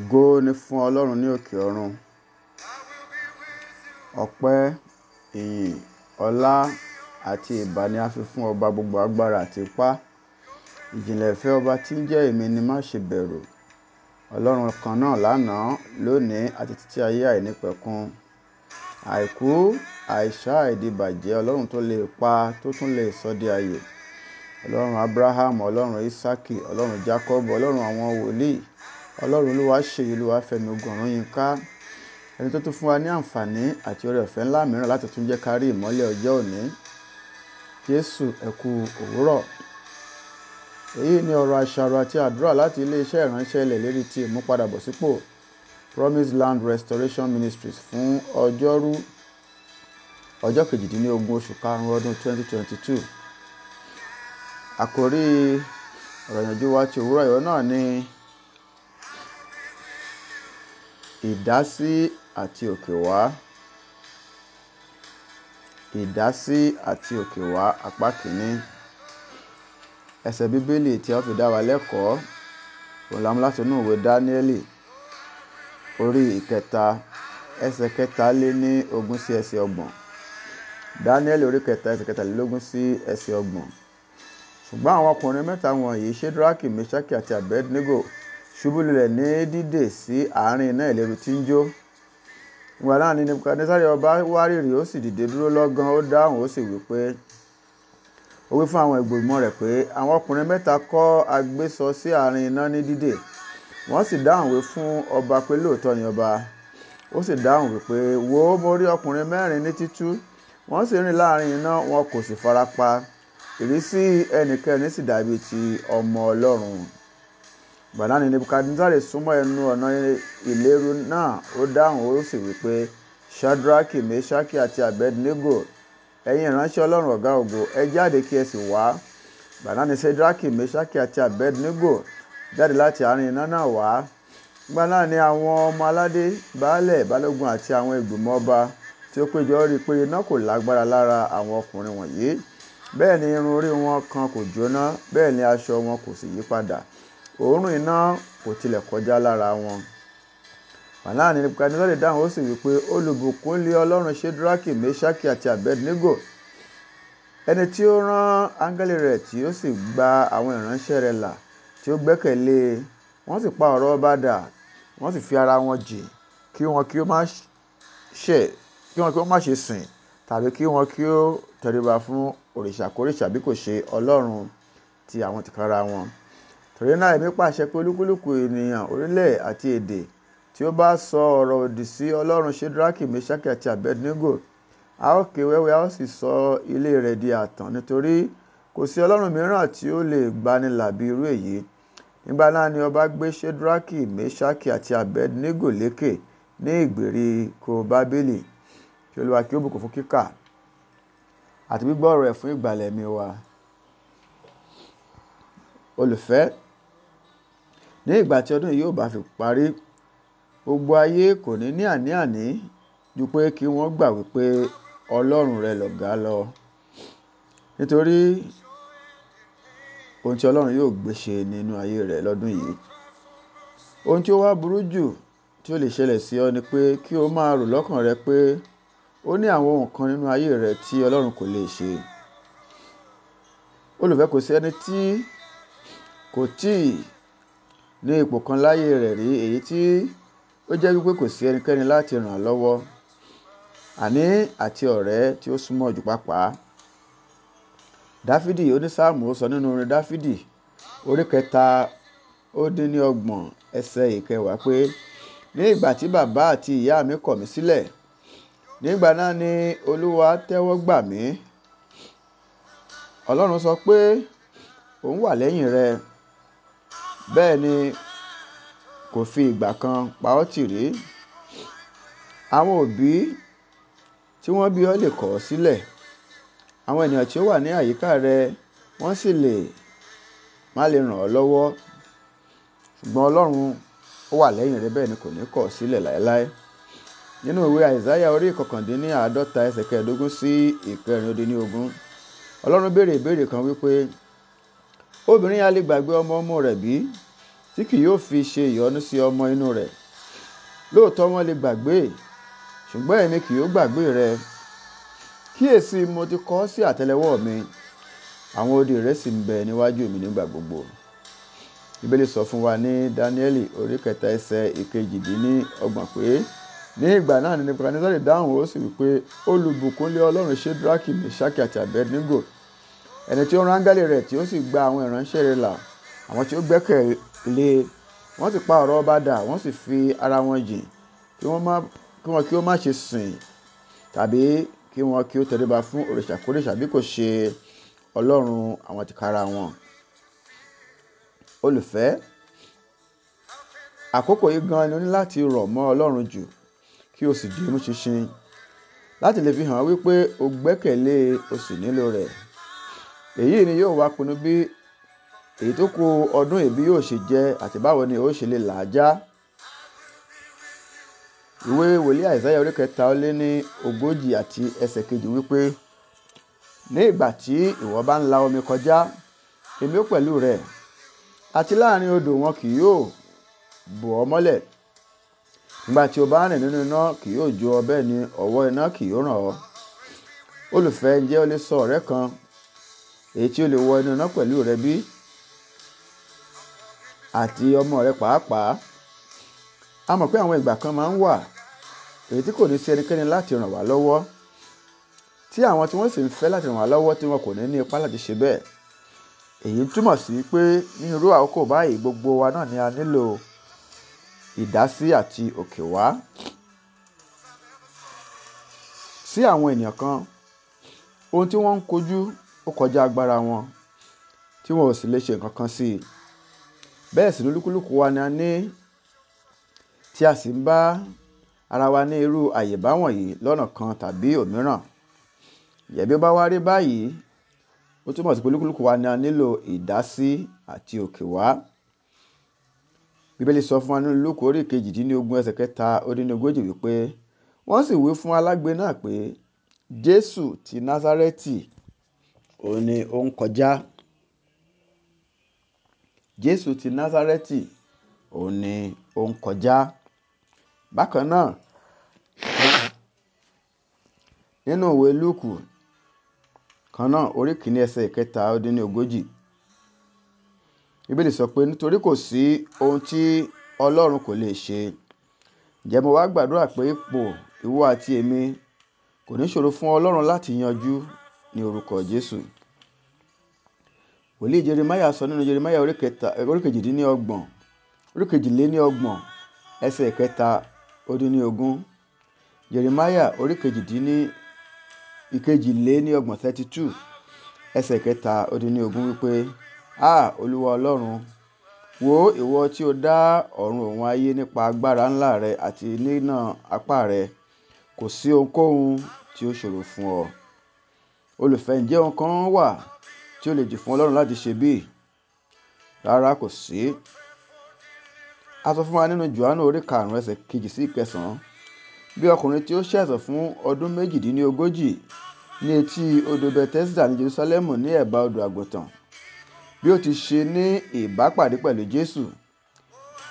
ògo ni fún ọlọ́run ní òkè ọ̀run ọpẹ́ ìyìn ọlá àti ìbà ni a fi fún ọba gbogbo agbára àti ipá ìjìnlẹ̀ ìfẹ́ ọba tí ń jẹ́ èmi ni má ṣe bẹ̀rù ọlọ́run kan náà lánàá lónìí àti títí ayé àìnípẹ̀kun àìkú àìsá àìdìbàjẹ́ ọlọ́run tó lè pa tó tún lè sọ di ayọ̀ ọlọ́run abraham ọlọ́run isaki ọlọ́run jacob ọlọ́run àwọn wòlíì Ọlọ́run Olúwaṣeyì Olúwafẹ́miògùn Ọ̀rúnyìnká, ẹni tó tún fún wa ní àǹfààní àti oore ọ̀fẹ́ ńlá mìíràn láti tún jẹ́ ká rí ìmọ́lẹ̀ ọjọ́ òní. Jésù ẹ òwúrọ̀. Èyí ni ọ̀rọ̀ àṣàrò àti àdúrà láti ilé ìránṣẹ́ ilẹ̀ lérí ti ìmúpadàbọ̀sípò Promise Land Restoration Ministries fún ọjọ́rú ọjọ́ kejìdínlógún oṣù karùn-ún ọdún 2022. Àkòrí ọ̀rọ̀ ìyànjú wa ti òwúrọ̀ ìwọ náà ni ìdásí àti òkè wá ìdásí àti òkè wá apá kìíní ẹsẹ̀ bíbélì tí a fi dá wa lẹ́kọ̀ọ́ òun láti inú ìwé dáníẹ́lì orí ìkẹta ẹsẹ̀ kẹta lé ní ogún sí ẹsẹ̀ ọgbọ̀n dáníẹ́lì orí kẹta ẹsẹ̀ kẹtàlélógún sí ẹsẹ̀ ọgbọ̀n ṣùgbọ́n àwọn ọkùnrin mẹ́ta wọ̀nyí ṣédrákì mẹsàkì àti abednego ṣubú lulẹ̀ ní dídè sí àárín iná ìléru tí ń jó. Ìgbà náà ni Nebukadnessari ọba wárìrì ó sì dìde dúró lọ́gán, ó dáhùn ó sì wí pé, ó wí fún àwọn ìgbìmọ̀ rẹ̀ pé, àwọn ọkùnrin mẹ́ta kọ́ agbésọ sí àárín iná ní dídè. Wọ́n sì dáhùn wí fún ọba pé lóòótọ́ ni ọba. Ó sì dáhùn wí pé, wò ó, mo rí ọkùnrin mẹ́rin ní títú, wọ́n sì rìn láàárín iná, wọn kò sì farapa. Ìrísí ẹnikẹ́ni sì dàbí ti ọmọ Ọlọ́run. Bàlànà Nebukadneṣari súnmọ́ ẹnu ọ̀nà ìléru náà ó dáhùn ó sì wí pé, “Sadraki, Meṣaki àti Abednego, ẹ̀yin ìránṣẹ́ Ọlọ́run Ọ̀gá ògo, ẹ jáde kí ẹ sì wá!” Bàlànà Sadraki, Meṣaki àti Abednego jáde láti àárín iná náà wá. Nígbà náà ni àwọn ọmọ aládé, baálẹ̀, balógun àti àwọn ìgbìmọ̀ ọba tí ó péjọ rí i pé iná kò lágbára lára àwọn ọkùnrin wọ̀nyí. Bẹ́ẹ̀ ni irun orí wọn kan kò jóná, bẹ́ẹ̀ ni aṣọ wọn kò sì yípadà òórùn iná kò tilẹ̀ kọjá lára wọn. Fàlànà Nebukadnessari dáhùn ó sì wí pé olùbùkún lé Ọlọ́run Ṣedraki, Meṣaki àti Abednego, ẹni tí ó rán áńgẹ́lì rẹ̀ tí ó sì gba àwọn ìránṣẹ́ rẹ̀ là tí ó gbẹ́kẹ̀lé e. Wọ́n sì pa ọ̀rọ̀ ọba dà, wọ́n sì fi ara wọn jì kí wọn kí ó má ṣe, kí wọn sìn tàbí kí wọn kí ó tẹríba fún òrìṣàkórìṣà bí kò ṣe Ọlọ́run ti àwọn tìkára wọn. Torí náà èmi pàṣẹ pé olúkúlùkù ènìyàn, orílẹ̀ àti èdè tí ó bá sọ ọ̀rọ̀ òdì sí Ọlọ́run Ṣedraki, Meṣaki àti Abednego, a ó ké wẹ́wẹ́ a ó sì sọ ilé rẹ̀ di ààtàn nítorí kò sí Ọlọ́run mìíràn tí ó lè gbanilà bí irú èyí. Nígbà náà ni ọba gbé Ṣedraki, Meṣaki àti Abednego lékè ní ìgbèríko Babeli. Kí Olúwa kí ó bùkún fún kíkà àti gbígbọ́ ọ̀rọ̀ ẹ̀ fún ìgbàlẹ̀ mi wa. Olùfẹ́ Ní ìgbà tí ọdún yìí ò bá fi parí, gbogbo ayé kò ní ní àní-àní ju pé kí wọ́n gbà wípé Ọlọ́run rẹ lọ̀gá lọ. Nítorí ohun tí Ọlọ́run yóò gbé ṣe nínú ayé rẹ lọ́dún yìí. Ohun tí ó wá burú jù tí ó lè ṣẹlẹ̀ sí ọ ni pé kí o máa rò lọ́kàn rẹ pé ó ní àwọn ohun kan nínú ayé rẹ tí Ọlọ́run kò lè ṣe. Olùfẹ́ kò sí ẹni tí kò tíì ní ipò kan láyé rẹ̀ rí èyí tí ó jẹ́ wípé kò sí ẹnikẹ́ni láti ràn án lọ́wọ́ àní àti ọ̀rẹ́ tí ó súnmọ́ jù pàápàá. Dáfídì onísáàmù ó sọ nínú orin Dáfídì orí kẹta ó dín ní ọgbọ̀n ẹsẹ̀ ìkẹwàá pé ní ìgbà tí bàbá àti ìyá mi kọ̀ mí sílẹ̀ nígbà náà ni Olúwa tẹ́wọ́ gbà mí. Ọlọ́run sọ pé òun wà lẹ́yìn rẹ Bẹ́ẹ̀ ni, kò fi ìgbà kan pa ọ́ tì rí. Àwọn òbí tí wọ́n bí ọ lè kọ̀ ọ́ sílẹ̀. Àwọn ènìyàn tí ó wà ní àyíká rẹ wọ́n sì lè má lè ràn ọ́ lọ́wọ́. Ṣùgbọ́n Ọlọ́run ó wà lẹ́yìn rẹ bẹ́ẹ̀ ni kò ní kọ̀ ọ́ sílẹ̀ láéláé. Nínú ìwé Isaiah orí ìkọkàndínní àádọ́ta ẹsẹ̀ kẹẹ̀dógún sí ìkẹrìnlélógún, Ọlọ́run béèrè ìbéèrè kan wípé obìnrin a lè gbàgbé ọmọ ọmú rẹ̀ bí tí kì yóò fi ṣe ìyọnu sí ọmọ inú rẹ̀ lóòótọ́ wọ́n lè gbàgbé ṣùgbọ́n èmi kì yóò gbàgbé rẹ kíyèsí mo ti kọ sí àtẹ́lẹwọ́ mi àwọn odi rẹ̀ sì ń bẹ níwájú mi nígbà gbogbo ìbéèrè sọ fún wa ní Dáníẹ́lì orí kẹta ẹsẹ̀ ìkejìdínlọ́gbọ̀n pé ní ìgbà náà ni Nebukadnezari dáhùn ó sì wípé olùbùkún lé Ọlọ́run Ṣédírákì Mísákì àti Abẹ́dínígò ẹni tí ó rán áńgẹ́lì rẹ̀ tí ó sì gba àwọn ìránṣẹ́ rẹ̀ là àwọn tí ó gbẹ́kẹ̀lé e wọ́n sì pa ọ̀rọ̀ ọba dà wọ́n sì fi ara wọn jìn kí wọn kí ó má ṣe sìn tàbí kí wọn kí ó tẹríba fún òrìṣàkórìṣà bí kò ṣe ọlọ́run àwọn tìkára wọn. olùfẹ́ àkókò yìí gan ni o ní láti rọ̀ mọ́ ọlọ́run jù kí o sì di mú ṣinṣin láti lè fi hàn wípé o gbẹ́kẹ̀lé o sì nílò rẹ̀. èyí ni yóò wá pinnu bí èyí tó kù ọdún ìbí yóò ṣe jẹ́ àti báwo ni ó ṣe lè là á já ìwé wòlíì àìsáyà orí kẹta ó lé ní ogójì àti ẹsẹ̀ kejì wípé ní ìgbà tí ìwọ bá ń la omi kọjá èmi ó pẹ̀lú re, àti láàrin odò wọn kì yóò bò ọ́ mọ́lẹ̀ nígbà tí o bá rìn nínú iná kì yóò jó ọ ni ọwọ iná kì yóò ràn ọ́ Olufe nje o lè sọ ọ̀rẹ́ kan èyí tí ó lè wọ inú iná pẹ̀lú rẹ bí? Àti ọmọ rẹ pàápàá. A mọ̀ pé àwọn ìgbà kan máa ń wà èyí tí kò ní sí ẹnikẹ́ni láti ràn wá lọ́wọ́ tí àwọn tí wọ́n sì ń fẹ́ láti ràn wá lọ́wọ́ tí wọn kò ní ní ipá láti ṣe bẹ́ẹ̀. Èyí túmọ̀ sí pé ní irú àkókò báyìí gbogbo wa náà ni a nílò ìdásí àti òkè wá. Sí àwọn ènìyàn kan ohun tí wọ́n ń kojú ó kọjá agbára wọn tí wọn ò sì lè ṣe nǹkan kan sí i bẹ́ẹ̀ sì lólúkúlùkù wa ni a ní tí a sì ń bá ara wa ní irú àyè báwọ̀nyí lọ́nà kan tàbí òmíràn ìyẹn bí ó bá wá rí báyìí ó túmọ̀ sí pé olúkúlùkù wa ni a nílò ìdásí àti òkè wá bíbélì sọ fún wa nínú lúkù orí kejìdínlógún ẹsẹ̀ kẹta ó dín ní ogójì wípé wọ́n sì wí fún alágbe náà pé jésù ti násárẹ́tì òun ni ó ń kọjá jésù ti násárẹ́tì òun ni ó ń kọjá bákan náà nínú ìwé lúùkù kan náà orí kìíní ẹsẹ̀ ìkẹta ó dín ní ogójì bíbélì sọ pé nítorí kò sí ohun tí ọlọ́run kò lè ṣe ǹjẹ́ mo wá gbàdúrà pé ipò ìwọ àti èmi kò ní ṣòro fún ọlọ́run láti yanjú ní orúkọ jésù wòlíì jeremiah sọ nínú jeremiah oríkejìdínlọ́gbọ̀n oríkejìléníọgbọ̀n ẹsẹ̀ kẹta ó dín ní ogún jeremiah oríkejìdínní ìkejìléníọgbọ̀n thirty two ẹsẹ̀ kẹta ó dín ní ogún wípé a olúwa ọlọ́run wo ìwọ tí o dá ọ̀run òun ayé nípa agbára ńlá rẹ àti nínà apá rẹ kò sí ohunkóhun tí ó ṣòro fún ọ Olùfẹ́, ǹjẹ́ ohun kan wà tí ó le jù fún Ọlọ́run láti ṣe bí? Rárá kò sí. A sọ fún wa nínú Jòhánù orí karùn-ún ẹsẹ̀ kejì sí ìkẹsàn-án bí ọkùnrin tí ó ṣẹ̀sọ̀ fún ọdún méjìdínlógójì ní etí odò Bethesda ní Jerusalem ní ẹ̀bá odò àgùntàn bí ó ti ṣe ní ìbápàdé pẹ̀lú Jésù,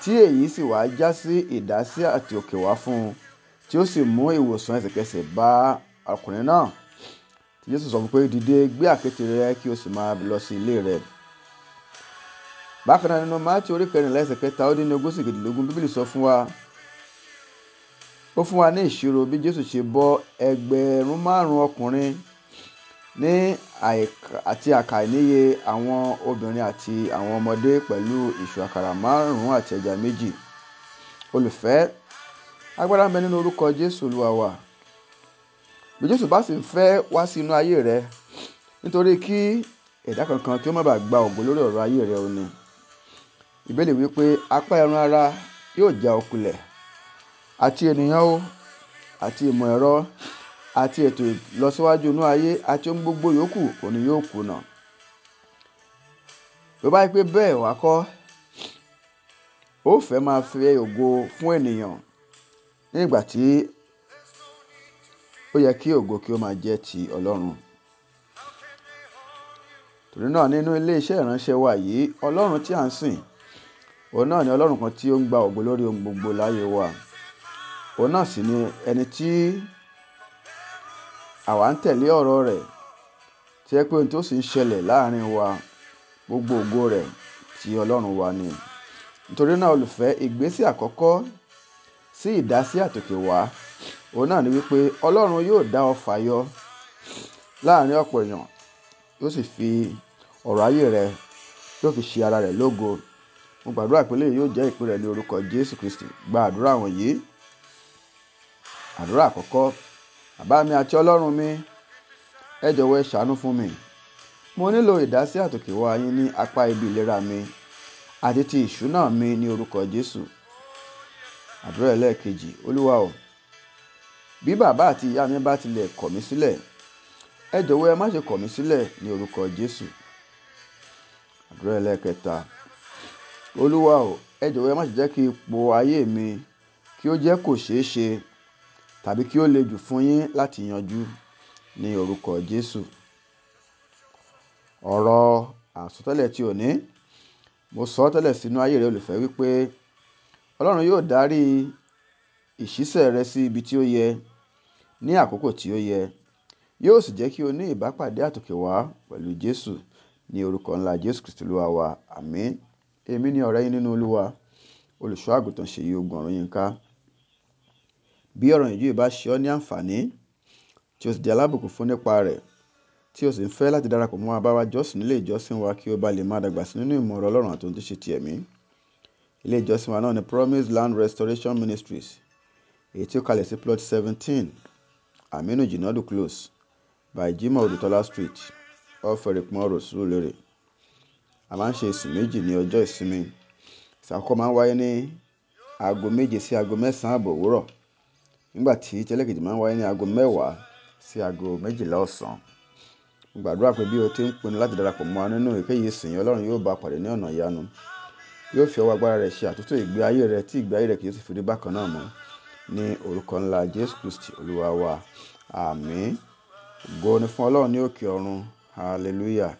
tí èyí sì wá já sí ìdásí àti òkè wá fún un tí ó sì mú ìwòsàn ẹsẹ̀kẹsẹ̀ bá ọkùnrin náà tí Jésù sọ fún pé dìde gbé àkéte rẹ kí o sì máa lọ sí ilé rẹ. bákan náà nínú Mátíù orí kẹrìnlá ẹsẹ̀ kẹta ó dín ní ogún sìkìdìlógún bíbélì sọ fún wa ó fún wa ní ìṣirò bí Jésù ṣe bọ́ ẹgbẹ̀rún márùn-ún ọkùnrin ní àti àkàìníye àwọn obìnrin àti àwọn ọmọdé pẹ̀lú ìṣù àkàrà márùn àti ẹja méjì olùfẹ́ agbára ń nínú orúkọ Jésù Olúwa wa bí Jésù bá sì ń fẹ́ wá sí inú ayé rẹ nítorí kí ẹ̀dá kankan kí ó má bàa gba ògo lórí ọ̀rọ̀ ayé rẹ o ni ìbéèrè wípé apá ẹran ara yóò já ọ kulẹ̀ àti ènìyàn o àti ìmọ̀ ẹ̀rọ àti ètò ìlọsíwájú inú ayé àti ohun gbogbo yòókù òní yóò kùnà bí ó bá yí pé bẹ́ẹ̀ wá kọ́ ó fẹ́ máa fi ògo fún ènìyàn ní ìgbà tí ó yẹ kí ògo kí ó máa jẹ́ ti ọlọ́run torí náà nínú ilé iṣẹ́ ìránṣẹ́ wa yìí ọlọ́run tí à ń sìn òun náà ni ọlọ́run kan tí ó ń gba ògo lórí ohun gbogbo láyé wa òun náà sì ni ẹni tí àwa ń tẹ̀lé ọ̀rọ̀ rẹ̀ tí ẹ pé ohun tó sì ń ṣẹlẹ̀ láàrin wa gbogbo ògo rẹ̀ ti ọlọ́run wa ni nítorí náà olùfẹ́ ìgbésẹ̀ àkọ́kọ́ sí ìdásí àtòkè wá Òun náà ni wípé Ọlọ́run yóò dá ọ fàyọ láàrín ọ̀pọ̀ èèyàn, yóò sì fi ọ̀rọ̀ ayé rẹ, yóò fi ṣe ara rẹ lógo. Mo gbàdúrà pé eléyìí yóò jẹ́ ìpín rẹ ní orúkọ Jésù Kristi. Gba àdúrà wọ̀nyí. Àdúrà àkọ́kọ́. Bàbá mi àti Ọlọ́run mi, ẹ jọ̀wọ́ ẹ ṣàánú fún mi. Mo nílò ìdásí àtòkèwá yín ní apá ibi ìlera mi àti ti ìṣúná mi ní orúkọ Jésù. Àdúrà ẹlẹ́ẹ̀kejì. Olúwa o. Bí bàbá àti ìyá mi bá tilẹ̀ kọ̀ mí sílẹ̀, ẹ jọ̀wọ́ ẹ má ṣe kọ̀ mí sílẹ̀ ní orúkọ Jésù. Àdúrà ẹlẹ́ẹ̀kẹta. Olúwa o, ẹ jọ̀wọ́ ẹ má ṣe jẹ́ kí ipò ayé mi kí ó jẹ́ kò ṣeé ṣe tàbí kí ó le jù fún yín láti yanjú ní orúkọ Jésù. Ọ̀rọ̀ àsọtẹ́lẹ̀ tí òní, mo sọ tẹ́lẹ̀ sínú ayé rẹ olùfẹ́ wípé Ọlọ́run yóò dárí ìṣísẹ̀ rẹ sí ibi tí ó yẹ ní àkókò tí ó yẹ. Yóò sì jẹ́ kí o ní ìbápàdé àtòkè pẹ̀lú Jésù. Ní orúkọ ńlá Jésù Kristi Olúwa wa. Àmín. Èmi ni ọ̀rẹ́ yín nínú Olúwa, olùṣọ́ àgùntàn Ṣèyí Ogun Ọ̀rúnyìnká. Bí ọ̀rọ̀ yìí yóò bá ṣe ọ́ ní àǹfààní tí o sì di alábùkún fún nípa rẹ̀, tí o sì ń fẹ́ láti darapọ̀ mọ́ wa bá wa jọ́sìn ní ilé ìjọsìn wa kí o bá lè máa dàgbà sí nínú ìmọ̀ ọ̀rọ̀ Ọlọ́run àti ohun tí ẹ̀mí. Ilé ìjọsìn wa náà ni Promise Land Restoration Ministries èyí tí ó kalẹ̀ sí plot seventeen aminu jinadu close by jimoh odutola street ọ̀fẹ́rìpọ́n road surulere a máa ń ṣe ìsìn méjì ní ọjọ́ ìsinmi ìsìn àkọ́kọ́ máa ń wáyé ní aago méje sí aago mẹ́sàn-án àbọ̀ òwúrọ̀ nígbà tí tẹ́lẹ̀kejì máa ń wáyé ní aago mẹ́wàá sí aago méjìlá ọ̀sán mo gbàdúrà pé bí o ti ń pinnu láti darapọ̀ mọ́ wa nínú èkéyìí ìsìn ọlọ́run yóò bá pàdé ní ọ̀nà ìyanu yóò fi ọwọ́ agbára rẹ̀ ṣe àtúntò ìgbé ayé rẹ tí ìgbé ayé rẹ kì yóò sì fi rí bákan náà mọ́ ní orúkọ ńlá Jésù Kristi Olúwa wa. Àmín. Ògo ni fún Ọlọ́run ní òkè ọ̀run. Hallelujah.